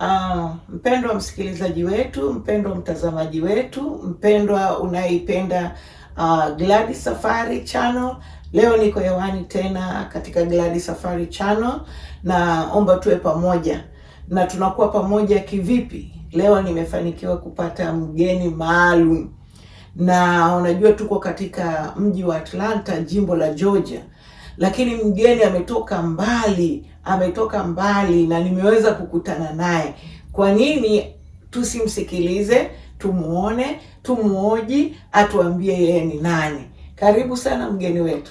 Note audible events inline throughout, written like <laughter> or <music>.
Uh, mpendwa msikilizaji wetu, mpendwa mtazamaji wetu, mpendwa unayeipenda uh, ah, Gladi Safari Channel, leo niko hewani tena katika Gladi Safari Channel, na omba tuwe pamoja. Na tunakuwa pamoja kivipi? Leo nimefanikiwa kupata mgeni maalum, na unajua tuko katika mji wa Atlanta, jimbo la Georgia, lakini mgeni ametoka mbali ametoka mbali na nimeweza kukutana naye. Kwa nini tusimsikilize, tumuone, tumuoji, atuambie yeye ni nani? Karibu sana mgeni wetu.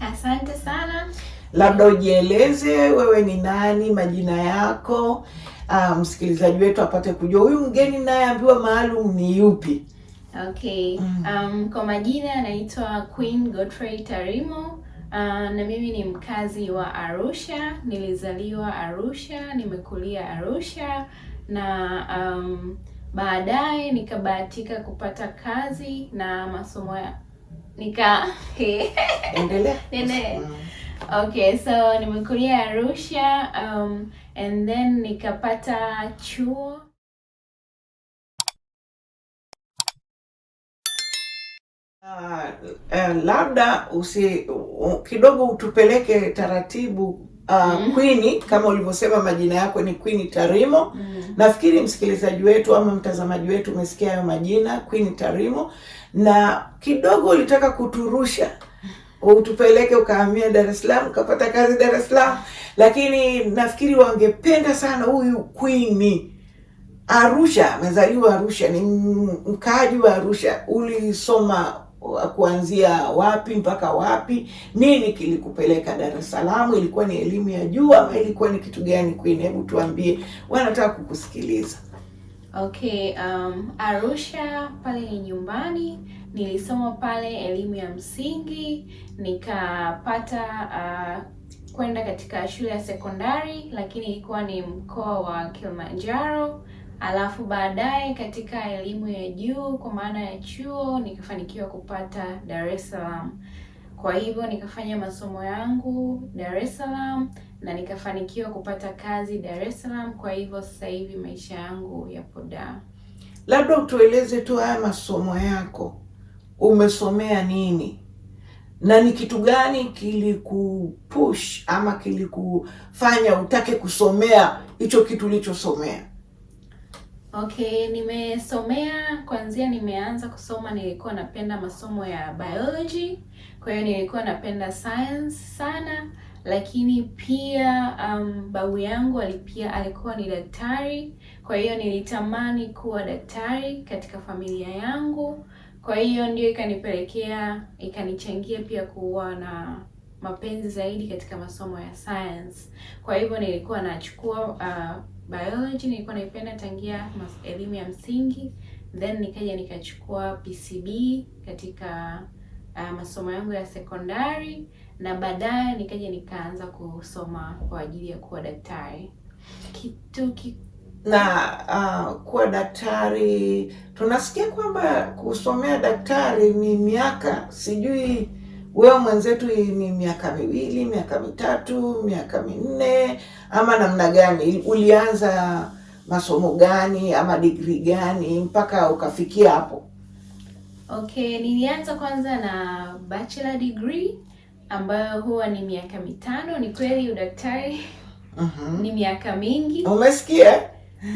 Asante sana. Labda ujieleze wewe ni nani, majina yako, uh, msikilizaji wetu apate kujua huyu mgeni naye ambiwa maalum ni yupi. Okay. Mm. Um, kwa majina anaitwa Queen Godfrey Tarimo Uh, na mimi ni mkazi wa Arusha, nilizaliwa Arusha, nimekulia Arusha na um, baadaye nikabahatika kupata kazi na masomo ya nika <laughs> endelea mm. okay, so nimekulia Arusha um, and then nikapata chuo Uh, uh, labda usi uh, kidogo utupeleke taratibu uh, mm. Kwini, kama ulivyosema majina yako ni Kwini Tarimo mm. Nafikiri msikilizaji wetu ama mtazamaji wetu umesikia hayo majina Kwini Tarimo, na kidogo ulitaka kuturusha utupeleke ukahamia Dar es Salaam ukapata kazi Dar es Salaam, lakini nafikiri wangependa sana huyu kwini Arusha, amezaliwa Arusha, ni mkaaji wa Arusha, ulisoma kuanzia wapi mpaka wapi? Nini kilikupeleka Dar es Salaam? Ilikuwa ni elimu ya juu ama ilikuwa ni kitu gani? Queen, hebu tuambie, wanataka kukusikiliza. Okay, um, Arusha pale ni nyumbani nilisoma pale elimu ya msingi nikapata uh, kwenda katika shule ya sekondari, lakini ilikuwa ni mkoa wa Kilimanjaro alafu baadaye katika elimu ya juu kwa maana ya chuo nikafanikiwa kupata Dar es Salaam. Kwa hivyo nikafanya masomo yangu Dar es Salaam na nikafanikiwa kupata kazi Dar es Salaam. Kwa hivyo sasa hivi maisha yangu yapo Dar. Labda utueleze tu haya masomo yako, umesomea nini na ni kitu gani kilikupush ama kilikufanya utake kusomea hicho kitu ulichosomea? Okay, nimesomea kwanzia, nimeanza kusoma, nilikuwa napenda masomo ya biology, kwa hiyo nilikuwa napenda science sana, lakini pia um, babu yangu alipia alikuwa ni daktari, kwa hiyo nilitamani kuwa daktari katika familia yangu, kwa hiyo ndio ikanipelekea ikanichangia pia kuwa na mapenzi zaidi katika masomo ya science. Kwa hivyo nilikuwa nachukua uh, biology nilikuwa naipenda tangia elimu ya msingi, then nikaja nikachukua PCB katika uh, masomo yangu ya sekondari na baadaye nikaja nikaanza kusoma kwa ajili ya kuwa daktari kitu ki... na uh, kuwa daktari tunasikia kwamba kusomea daktari ni miaka sijui wewe mwenzetu ni miaka miwili, miaka mitatu, miaka minne ama namna gani? Ulianza masomo gani ama degree gani mpaka ukafikia hapo? Okay, nilianza kwanza na bachelor degree ambayo huwa ni miaka mitano. Ni kweli udaktari uh-huh. ni miaka mingi. Umesikia,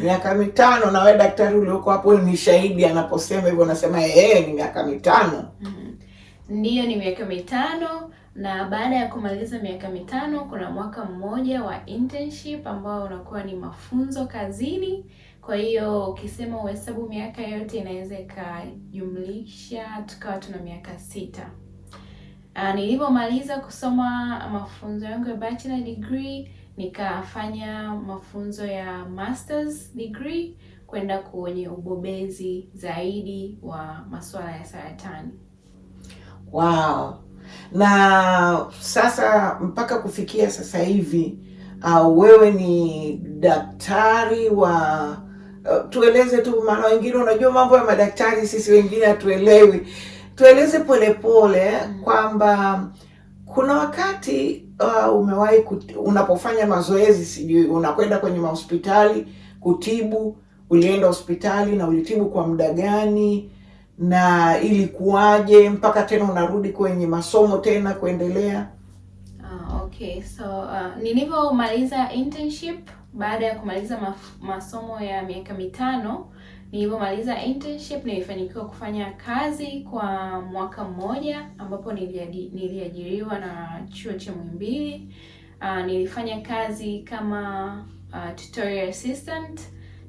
miaka mitano. Na wewe daktari ulioko hapo ni shahidi, anaposema hivyo unasema eh, ni miaka mitano uh-huh ndiyo ni miaka mitano na baada ya kumaliza miaka mitano kuna mwaka mmoja wa internship ambao unakuwa ni mafunzo kazini. Kwa hiyo ukisema uhesabu miaka yote inaweza ikajumlisha tukawa tuna miaka sita. Ah, nilivyomaliza kusoma mafunzo yangu ya bachelor degree, nikafanya mafunzo ya masters degree kwenda kwenye ubobezi zaidi wa masuala ya saratani. Wow. Na sasa mpaka kufikia sasa hivi uh, wewe ni daktari wa uh, tueleze tu, maana wengine, unajua mambo ya madaktari sisi wengine hatuelewi. Tueleze polepole kwamba kuna wakati uh, umewahi unapofanya mazoezi, sijui unakwenda kwenye mahospitali kutibu, ulienda hospitali na ulitibu kwa muda gani? na ilikuwaje mpaka tena unarudi kwenye masomo tena kuendelea? Uh, okay so uh, nilivyomaliza internship baada ya kumaliza maf- masomo ya miaka mitano, nilivyomaliza internship nilifanikiwa kufanya kazi kwa mwaka mmoja, ambapo niliajiriwa na chuo cha Muhimbili. Uh, nilifanya kazi kama uh, tutorial assistant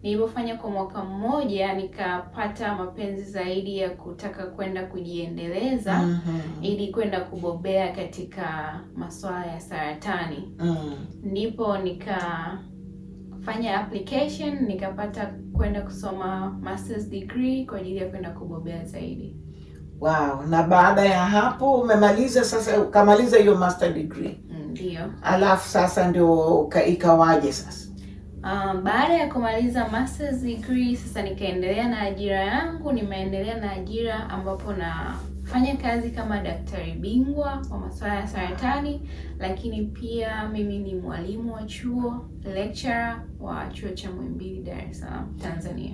nilivyofanya kwa mwaka mmoja nikapata mapenzi zaidi ya kutaka kwenda kujiendeleza mm -hmm. ili kwenda kubobea katika masuala ya saratani mm -hmm. ndipo nikafanya application nikapata kwenda kusoma masters degree kwa ajili ya kwenda kubobea zaidi. Wow, na baada ya hapo umemaliza sasa, ukamaliza hiyo master degree? Mm, ndio. Alafu sasa ndio ikawaje sasa? Um, baada ya kumaliza masters degree sasa nikaendelea na ajira yangu, nimeendelea na ajira ambapo nafanya kazi kama daktari bingwa kwa masuala ya saratani, lakini pia mimi ni mwalimu wa chuo, lecturer wa chuo cha Muhimbili Dar es Salaam, Tanzania.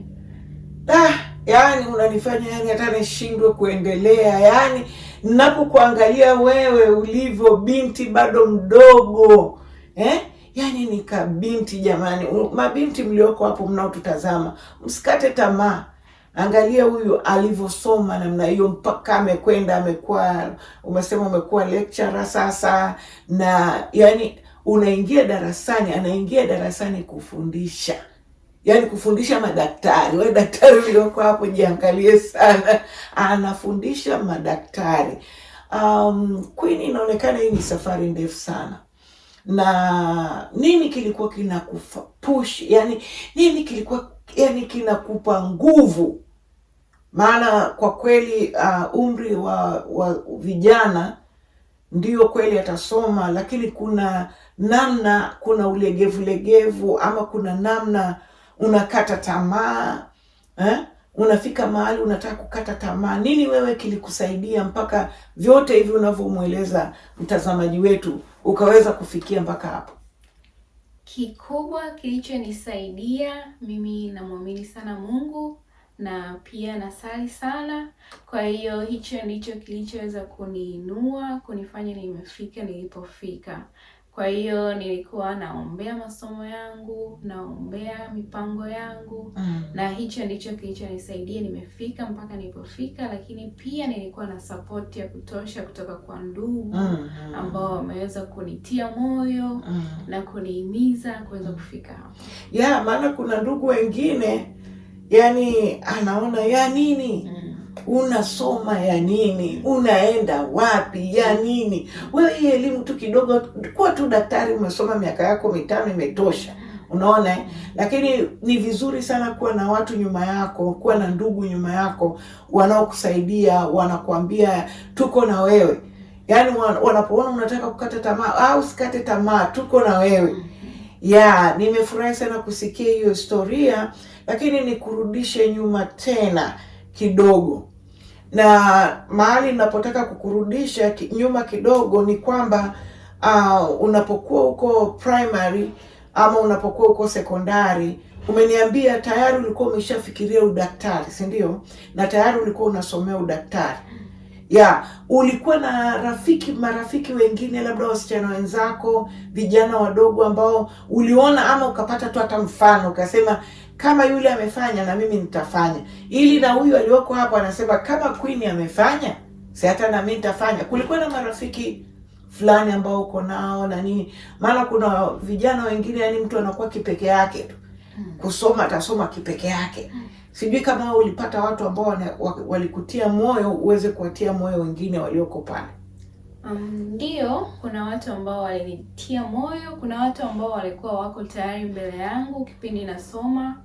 Ah, yani unanifanya yani hata nishindwe kuendelea. Yani ninapokuangalia wewe ulivyo binti bado mdogo eh? yani ni kabinti jamani, mabinti mlioko hapo mnaotutazama, msikate tamaa. Angalia huyu alivyosoma namna hiyo mpaka amekwenda amekuwa, umesema umekuwa lecturer sasa, na yani unaingia darasani, anaingia darasani kufundisha yani kufundisha madaktari. We daktari ulioko hapo jiangalie sana, anafundisha madaktari. Um, Queen, inaonekana hii ni safari ndefu sana na nini kilikuwa kinakufa push, yani nini kilikuwa yani kinakupa nguvu? Maana kwa kweli uh, umri wa, wa vijana ndio kweli atasoma, lakini kuna namna, kuna ulegevulegevu ama kuna namna unakata tamaa eh? unafika mahali unataka kukata tamaa. Nini wewe kilikusaidia mpaka vyote hivi unavyomweleza mtazamaji wetu ukaweza kufikia mpaka hapo? Kikubwa kilichonisaidia mimi, namwamini sana Mungu na pia nasali sana. Kwa hiyo hicho ndicho kilichoweza kuniinua kunifanya nimefika nilipofika. Kwa hiyo nilikuwa naombea masomo yangu, naombea mipango yangu mm. na hicho ndicho kilichonisaidia nimefika mpaka nilipofika, lakini pia nilikuwa na support ya kutosha kutoka kwa ndugu mm. ambao wameweza kunitia moyo mm. na kunihimiza kuweza mm. kufika hapo. Yeah, maana kuna ndugu wengine yani anaona ya nini mm unasoma ya nini? Unaenda wapi ya nini? Wewe hii elimu tu kidogo, kuwa tu daktari, umesoma miaka yako mitano imetosha. Unaona, eh? lakini ni vizuri sana kuwa na watu nyuma yako, kuwa na ndugu nyuma yako wanaokusaidia, wanakuambia tuko na wewe. Yaani wanapoona unataka kukata tamaa, au usikate tamaa, tuko na wewe. Yeah, nimefurahi sana kusikia hiyo historia, lakini nikurudishe nyuma tena kidogo na mahali ninapotaka kukurudisha nyuma kidogo ni kwamba uh, unapokuwa huko primary ama unapokuwa huko sekondari, umeniambia tayari ulikuwa umeshafikiria udaktari, si ndio? Na tayari ulikuwa unasomea udaktari ya yeah. Ulikuwa na rafiki marafiki wengine, labda wasichana wenzako, vijana wadogo ambao uliona ama ukapata tu hata mfano ukasema kama yule amefanya na mimi nitafanya, ili na huyu aliyoko hapo anasema kama Queen amefanya, si hata na mimi nitafanya. Kulikuwa na marafiki fulani ambao uko nao na nini, maana kuna vijana wengine, yani mtu anakuwa kipeke yake tu hmm. kusoma, atasoma kipeke yake. Hmm. Sijui kama ulipata watu ambao walikutia moyo uweze kuwatia moyo wengine walioko pale. Ndiyo, um, kuna watu ambao walinitia moyo, kuna watu ambao walikuwa wako tayari mbele yangu kipindi nasoma,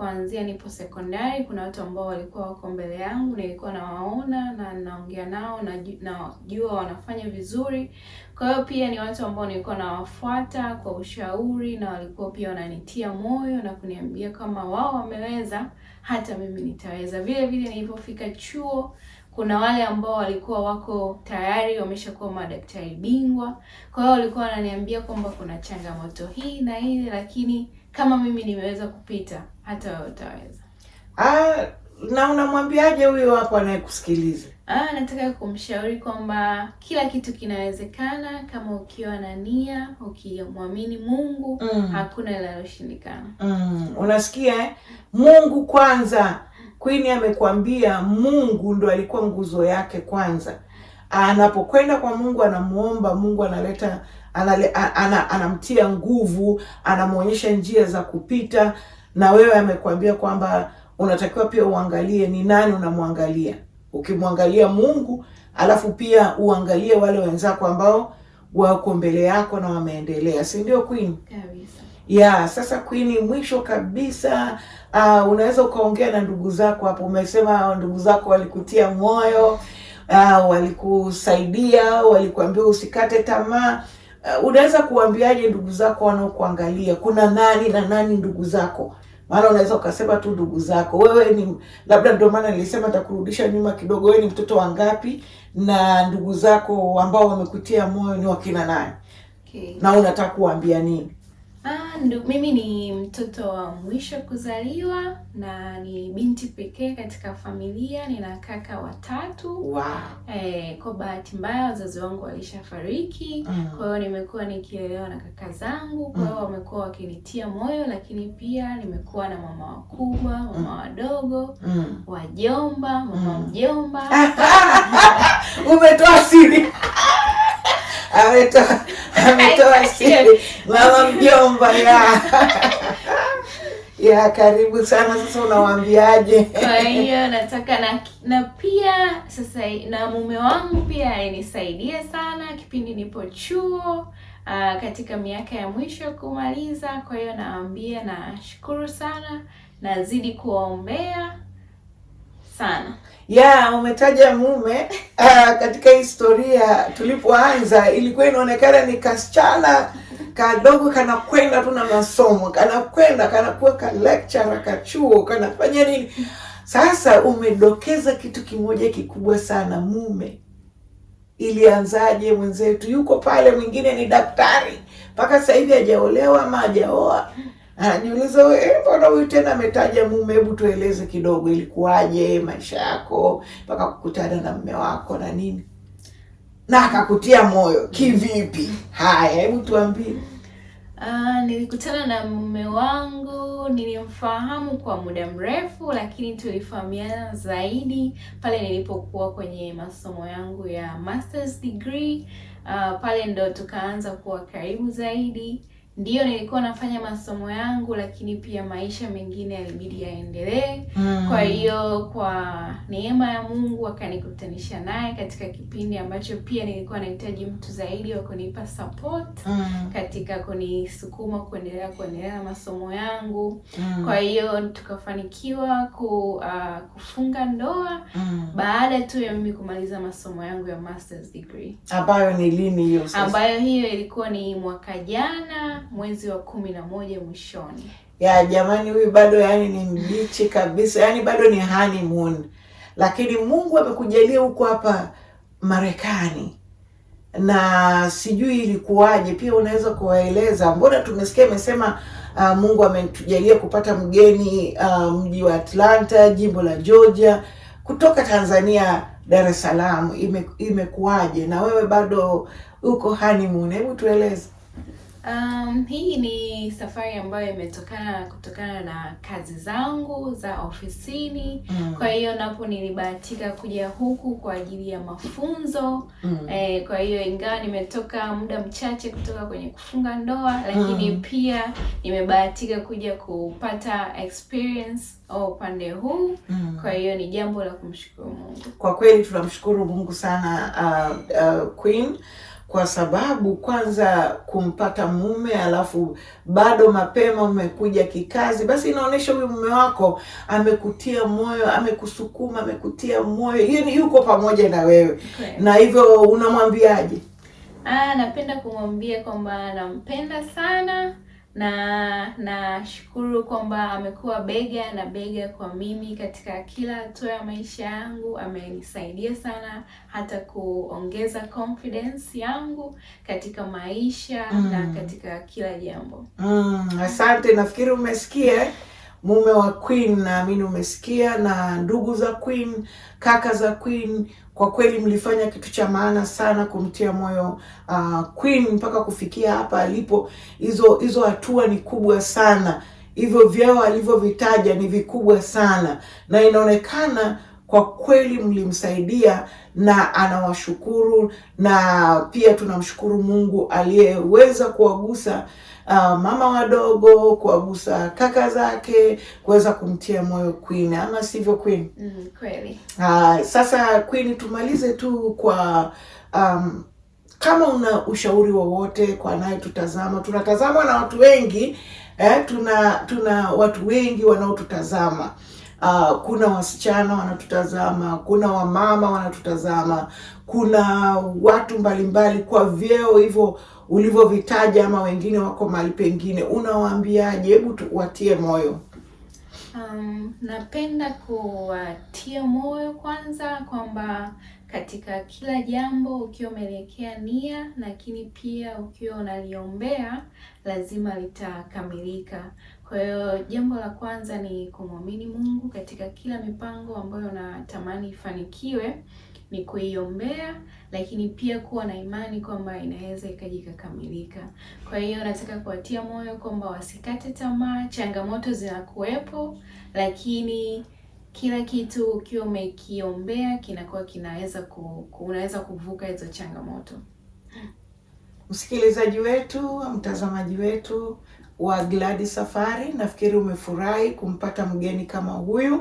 kuanzia nipo sekondari. Kuna watu ambao walikuwa wako mbele yangu, nilikuwa nawaona na naongea nao, najua wanafanya vizuri. Kwa hiyo pia ni watu ambao nilikuwa nawafuata kwa ushauri, na walikuwa pia wananitia moyo na kuniambia kama wao wameweza, hata mimi nitaweza. Vile vile nilipofika chuo kuna wale ambao walikuwa wako tayari wameshakuwa madaktari bingwa, kwa hiyo walikuwa wananiambia kwamba kuna changamoto hii na ile, lakini kama mimi nimeweza kupita hata utaweza. Ah, na unamwambiaje huyo hapo anayekusikiliza? Ah, nataka kumshauri kwamba kila kitu kinawezekana kama ukiwa na nia, ukimwamini Mungu mm. hakuna linaloshindikana. Mm. Unasikia eh? Mungu kwanza. Queen amekwambia Mungu ndo alikuwa nguzo yake kwanza. Anapokwenda kwa Mungu anamuomba, Mungu analeta anale, anamtia nguvu, anamwonyesha njia za kupita na wewe amekuambia kwamba unatakiwa pia uangalie ni nani unamwangalia. Ukimwangalia Mungu, alafu pia uangalie wale wenzako ambao wako mbele yako na wameendelea, si ndio Queen? Kabisa. Ya, sasa Queen, mwisho kabisa uh, unaweza ukaongea na ndugu zako hapo. Umesema ndugu zako walikutia moyo, uh, walikusaidia, walikuambia usikate tamaa uh, unaweza kuambiaje ndugu zako wanaokuangalia? Kuna nani na nani ndugu zako? Maana unaweza ukasema tu ndugu zako, wewe ni labda, ndio maana nilisema nitakurudisha nyuma kidogo. Wewe ni mtoto wa ngapi na ndugu zako ambao wamekutia moyo ni wakina nani? Okay. na unataka kuambia nini? Ah, mimi ni mtoto wa mwisho kuzaliwa na ni binti pekee katika familia. Nina kaka watatu. Wow. Eh, kwa bahati mbaya wazazi wangu walishafariki. Mm. Kwa hiyo nimekuwa nikielewa na kaka zangu, kwa hiyo mm. wamekuwa wakinitia moyo, lakini pia nimekuwa na mama wakubwa, mama mm. wadogo, mm. wajomba, mama mm. mjomba. <laughs> Umetoa siri ametoa ametoa siri mama mjomba ya <laughs> ya karibu sana. Sasa unawaambiaje? Kwa hiyo nataka na, na pia sasa na mume wangu pia alinisaidia sana kipindi nipo chuo uh, katika miaka ya mwisho kumaliza. Kwa hiyo naambia nashukuru sana, nazidi kuwaombea sana ya umetaja mume uh, <laughs> katika historia tulipoanza ilikuwa inaonekana ni kasichana kadogo kanakwenda tu na masomo kanakwenda kanakuwa ka lecturer ka chuo kanafanya nini. Sasa umedokeza kitu kimoja kikubwa sana, mume. Ilianzaje? Mwenzetu yuko pale, mwingine ni daktari, mpaka sasa hivi hajaolewa ama hajaoa. Aniuliza wewe, eh, mbona huyu tena ametaja mume? Hebu tueleze kidogo, ilikuwaje maisha yako mpaka kukutana na mume wako na nini, na akakutia moyo kivipi? Haya, hebu tuambie. Uh, nilikutana na mume wangu, nilimfahamu kwa muda mrefu, lakini tulifahamiana zaidi pale nilipokuwa kwenye masomo yangu ya masters degree. Uh, pale ndo tukaanza kuwa karibu zaidi. Ndiyo nilikuwa nafanya masomo yangu, lakini pia maisha mengine yalibidi yaendelee. Mm. Kwa hiyo kwa neema ya Mungu akanikutanisha naye katika kipindi ambacho pia nilikuwa nahitaji mtu zaidi wa kunipa support mm. katika kunisukuma kuendelea kuendelea na masomo yangu mm. Kwa hiyo tukafanikiwa ku, uh, kufunga ndoa mm. baada tu ya mimi kumaliza masomo yangu ya master's degree. Ambayo ni lini hiyo sasa? Ambayo hiyo ilikuwa ni mwaka jana mwezi wa kumi na moja mwishoni. Ya jamani, huyu bado yani ni mbichi kabisa, yani bado ni honeymoon, lakini Mungu amekujalia huko hapa Marekani na sijui ilikuwaje. Pia unaweza kuwaeleza, mbona tumesikia imesema uh, Mungu ametujalia kupata mgeni uh, mji wa Atlanta, jimbo la Georgia, kutoka Tanzania Dar es Salaam, imekuwaje? Na wewe bado uko honeymoon, hebu tueleze. Um, hii ni safari ambayo imetokana kutokana na kazi zangu za ofisini mm. Kwa hiyo napo nilibahatika kuja huku kwa ajili ya mafunzo mm. Eh, kwa hiyo ingawa nimetoka muda mchache kutoka kwenye kufunga ndoa, lakini mm. pia nimebahatika kuja kupata experience au upande huu mm. Kwa hiyo ni jambo la kumshukuru Mungu. Kwa kweli tunamshukuru Mungu sana uh, uh, Queen kwa sababu kwanza kumpata mume alafu bado mapema umekuja kikazi, basi inaonyesha huyu mume wako amekutia moyo, amekusukuma, amekutia moyo, yaani yuko pamoja na wewe okay. Na hivyo unamwambiaje? Ah, napenda kumwambia kwamba nampenda sana na nashukuru kwamba amekuwa bega na bega kwa mimi katika kila hatua ya maisha yangu. Amenisaidia sana hata kuongeza confidence yangu katika maisha mm. na katika kila jambo mm. Asante, nafikiri umesikia eh? mume wa Queen, naamini umesikia, na ndugu za Queen, kaka za Queen, kwa kweli mlifanya kitu cha maana sana kumtia moyo uh, Queen mpaka kufikia hapa alipo. Hizo hizo hatua ni kubwa sana, hivyo vyao alivyovitaja ni vikubwa sana na inaonekana kwa kweli mlimsaidia na anawashukuru, na pia tunamshukuru Mungu aliyeweza kuwagusa uh, mama wadogo, kuwagusa kaka zake, kuweza kumtia moyo Queen, ama sivyo Queen? Mm, kweli. Uh, sasa Queen, tumalize tu kwa um, kama una ushauri wowote kwa anayetutazama, tunatazama na watu wengi eh, tuna tuna watu wengi wanaotutazama uh, kuna wasichana wanatutazama, kuna wamama wanatutazama, kuna watu mbalimbali kwa vyeo hivyo ulivyovitaja ama wengine wako mahali pengine, unawaambiaje? Hebu watie moyo. Um, napenda kuwatia moyo kwanza kwamba katika kila jambo ukiwa umeelekea nia, lakini pia ukiwa unaliombea lazima litakamilika. Kwa hiyo jambo la kwanza ni kumwamini Mungu katika kila mipango ambayo unatamani ifanikiwe, ni kuiombea, lakini pia kuwa na imani kwamba inaweza ikajikakamilika. Kwa hiyo nataka kuwatia moyo kwamba wasikate tamaa, changamoto zinakuwepo, lakini kila kitu ukiwa umekiombea kinakuwa kinaweza ku, unaweza kuvuka hizo changamoto. Msikilizaji wetu, mtazamaji wetu, wa Gladi Safari. Nafikiri umefurahi kumpata mgeni kama huyu,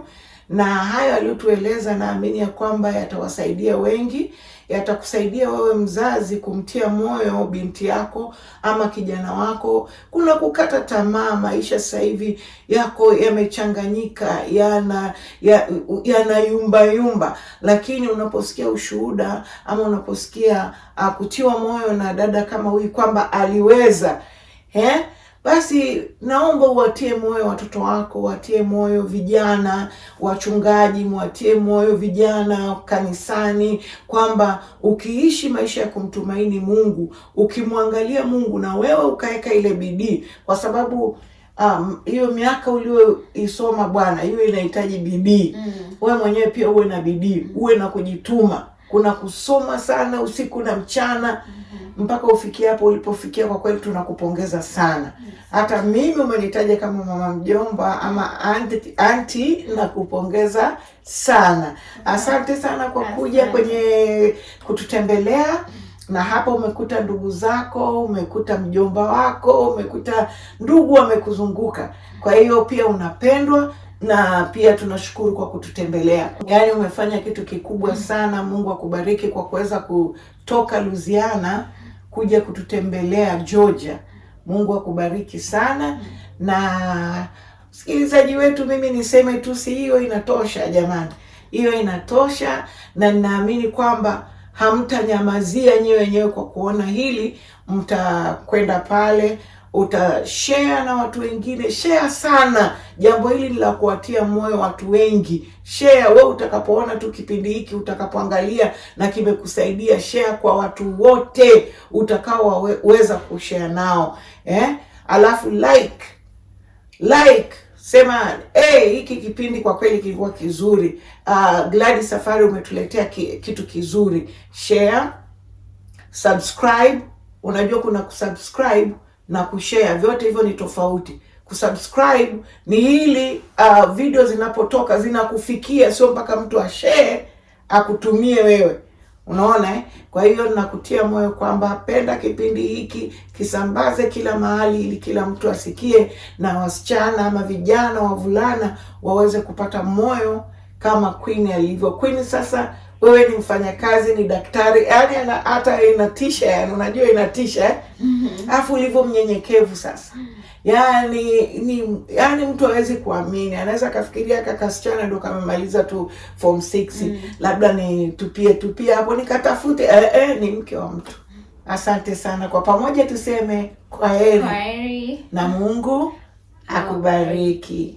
na hayo aliyotueleza, naamini ya kwamba yatawasaidia wengi, yatakusaidia wewe mzazi kumtia moyo binti yako ama kijana wako. Kuna kukata tamaa, maisha sasa hivi yako yamechanganyika, yana yanayumba yumba, lakini unaposikia ushuhuda ama unaposikia ah, kutiwa moyo na dada kama huyu kwamba aliweza eh basi naomba uwatie moyo watoto wako, watie moyo vijana wachungaji, mwatie moyo vijana kanisani, kwamba ukiishi maisha ya kumtumaini Mungu, ukimwangalia Mungu na wewe ukaweka ile bidii, kwa sababu um, hiyo miaka ulioisoma bwana, hiyo inahitaji bidii mm. Wewe mwenyewe pia uwe na bidii, uwe na kujituma. Kuna kusoma sana usiku na mchana mm -hmm mpaka ufikie hapo ulipofikia, kwa kweli tunakupongeza sana. Hata mimi umenitaja kama mama mjomba ama anti, anti nakupongeza sana. Asante sana kwa kuja kwenye kututembelea na hapa umekuta ndugu zako, umekuta mjomba wako, umekuta ndugu wamekuzunguka. Kwa hiyo pia unapendwa na pia tunashukuru kwa kututembelea. Yaani umefanya kitu kikubwa mm. sana. Mungu akubariki kwa kuweza kutoka Louisiana kuja kututembelea Georgia. Mungu akubariki sana na msikilizaji wetu, mimi niseme tu, si hiyo inatosha jamani, hiyo inatosha, na ninaamini kwamba hamtanyamazia nyewe wenyewe kwa kuona hili, mtakwenda pale utashare na watu wengine. Share sana, jambo hili ni la kuwatia moyo watu wengi. Share we utakapoona tu kipindi hiki, utakapoangalia na kimekusaidia, share kwa watu wote utakaoweza kushare nao eh? Alafu like like sema hey, hiki kipindi kwa kweli kilikuwa kizuri. Uh, ah, Gladys Safari umetuletea kitu kizuri. Share, subscribe. Unajua kuna kusubscribe na kushare, vyote hivyo ni tofauti. Kusubscribe ni ili uh, video zinapotoka zinakufikia, sio mpaka mtu ashare akutumie wewe. Unaona eh? Kwa hiyo nakutia moyo kwamba penda kipindi hiki, kisambaze kila mahali, ili kila mtu asikie, na wasichana ama vijana, wavulana waweze kupata moyo kama Queen alivyo. Queen sasa wewe ni mfanyakazi, ni daktari, yaani hata inatisha, yani unajua inatisha eh? Mm-hmm. Afu ulivyo mnyenyekevu sasa, yaani ni yaani mtu hawezi kuamini, anaweza akafikiria kakasichana ndo kamemaliza tu form 6 mm mm-hmm. labda ni tupie hapo nikatafute eh, eh, ni mke wa mtu. Asante sana, kwa pamoja tuseme kwaheri, heri na Mungu akubariki.